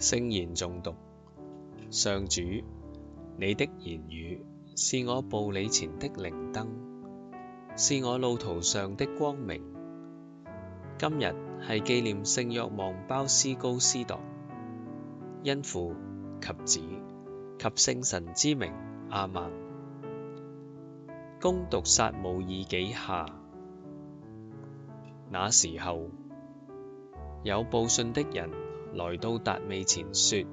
聖言誦讀，上主，你的言語是我步履前的靈燈，是我路途上的光明。今日係紀念聖若望鮑思高司鐸，因父及子及聖神之名阿曼。恭讀撒慕爾紀下，那時候有報信的人。來到達味前，說：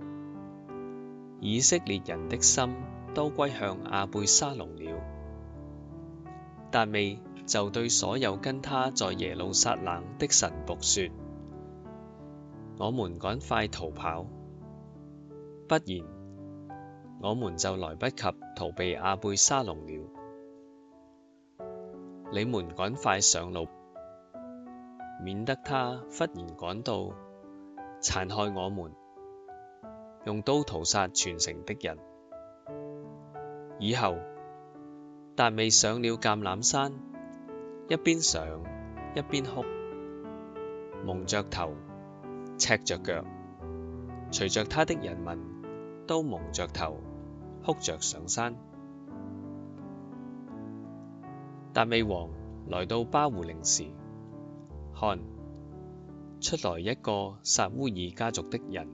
以色列人的心都歸向阿貝沙隆了。達味就對所有跟他在耶路撒冷的臣僕說：我們趕快逃跑，不然我們就來不及逃避阿貝沙隆了。你們趕快上路，免得他忽然趕到。殘害我們，用刀屠殺全城的人。以後，達味上了橄欖山，一邊上一邊哭，蒙着頭，赤着腳，隨着他的人民都蒙着頭，哭着上山。達味王來到巴胡陵時，看。出來一個撒烏耳家族的人，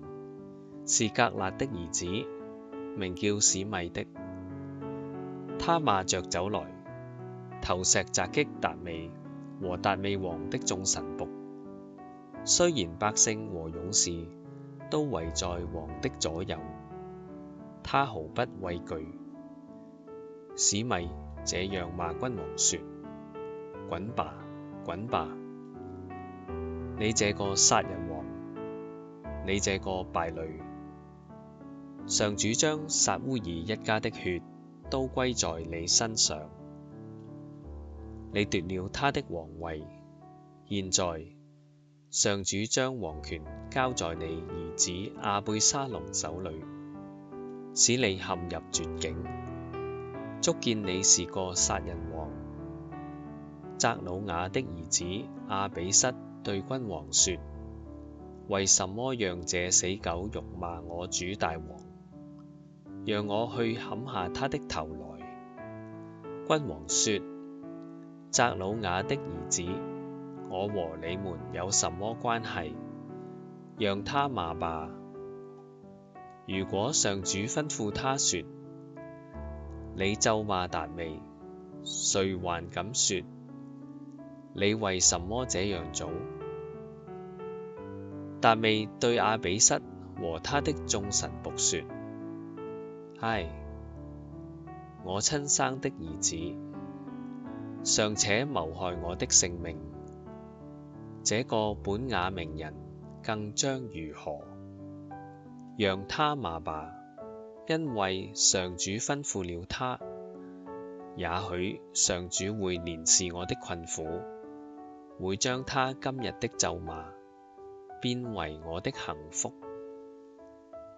是革辣的兒子，名叫史米的。他罵著走來，投石襲擊達味和達味王的眾臣僕。雖然百姓和勇士都圍在王的左右，他毫不畏懼。史米這樣罵君王說：滾吧，滾吧！你這個殺人王，你這個敗類，上主將撒烏耳一家的血都歸在你身上。你奪了他的王位，現在上主將王權交在你兒子阿貝沙隆手裏，使你陷入絕境，足見你是個殺人王。責魯雅的兒子阿彼瑟，對君王說：為什麼讓這死狗辱罵我主大王？讓我去砍下他的頭來。君王說：責魯雅的兒子，我和你們有什麼關係？讓他罵吧。如果上主吩咐他說：你咒罵達味，誰還敢說？你為什麼這樣做？達味對阿彼瑟和他的眾臣僕説：唉，我親生的兒子尚且謀害我的性命，這個本雅明人更將如何？讓他罵吧，因為上主吩咐了他。也許上主會憐視我的困苦。會將他今日的咒罵，變為我的幸福。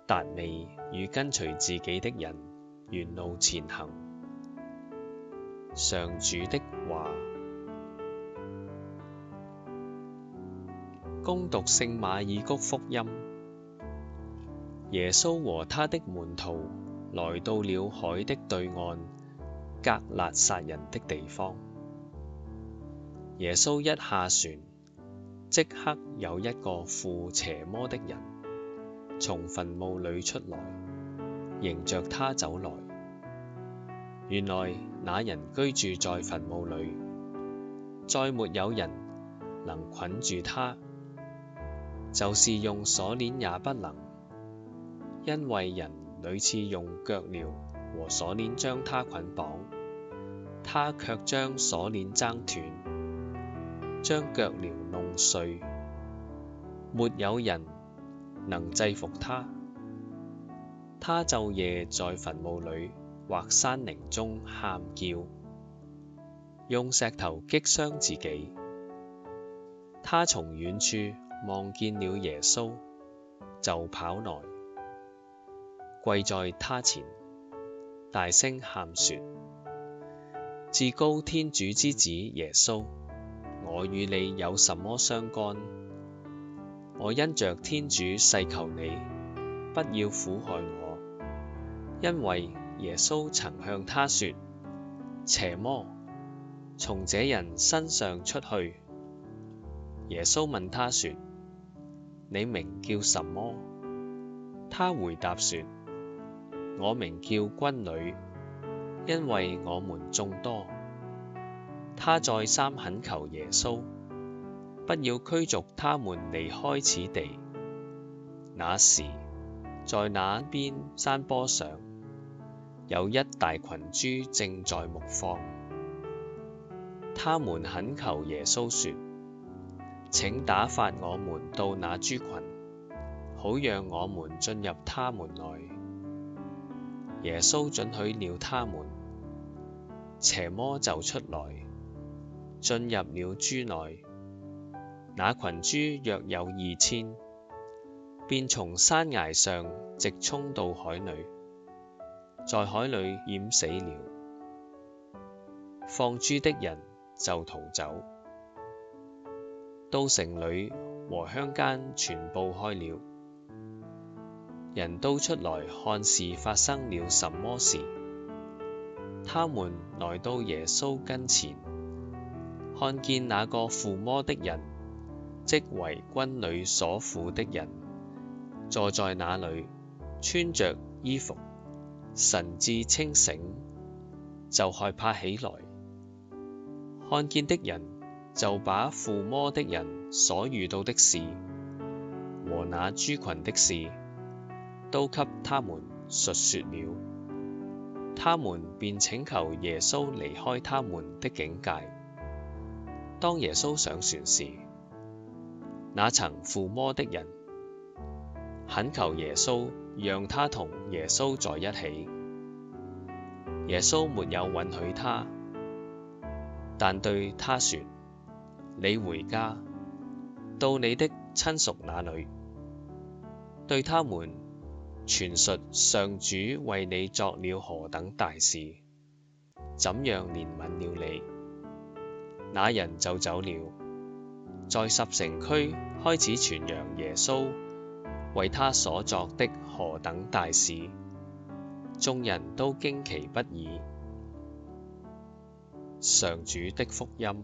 達味與跟隨自己的人沿路前行。上主的話。恭 讀聖馬爾谷福音。音耶穌和他的門徒來到了海的對岸，革辣撒人的地方。耶穌一下船，即刻有一個附邪魔的人從墳墓裏出來，迎着他走來。原來那人居住在墳墓裏，再沒有人能捆住他，就是用鎖鏈也不能，因為人屢次用腳鐐和鎖鏈將他捆綁，他卻將鎖鏈掙斷。將腳鐐弄碎，沒有人能制服他。他晝夜在墳墓裏或山林陵中喊叫，用石頭擊傷自己。他從遠處望見了耶穌，就跑來，跪在他前，大聲喊說：至高天主之子耶穌！我與你有什麼相干？我因着天主誓求你，不要苦害我！因為耶穌曾向他説：邪魔，從這人身上出去！耶穌問他説：你名叫什麼？他回答説：我名叫軍旅，因為我們眾多。他再三懇求耶穌，不要驅逐他們離開此地。那時，在那邊山坡上有一大群豬正在牧放。他們懇求耶穌說：請打發我們到那豬群，好讓我們進入牠們內。耶穌准許了他們，邪魔就出來。進入了豬內，那群豬約有二千，便從山崖上直衝到海裏，在海裏淹死了。放豬的人就逃走，到城裏和鄉間傳報開了，人都出來看是發生了什麼事。他們來到耶穌跟前。看見那個附魔的人，即為軍旅所附的人，坐在那裏，穿着衣服，神志清醒，就害怕起來。看見的人就把附魔的人所遇到的事和那豬群的事都給他們述説了，他們便請求耶穌離開他們的境界。當耶穌上船時，那曾附魔的人，懇求耶穌讓他同耶穌在一起。耶穌沒有允許他，但對他説：你回家，到你的親屬那裏，對他們傳述上主為你作了何等大事，怎樣憐憫了你。那人就走了，在十城區開始傳揚耶穌為他所作的何等大事，眾人都驚奇不已。—上主的福音。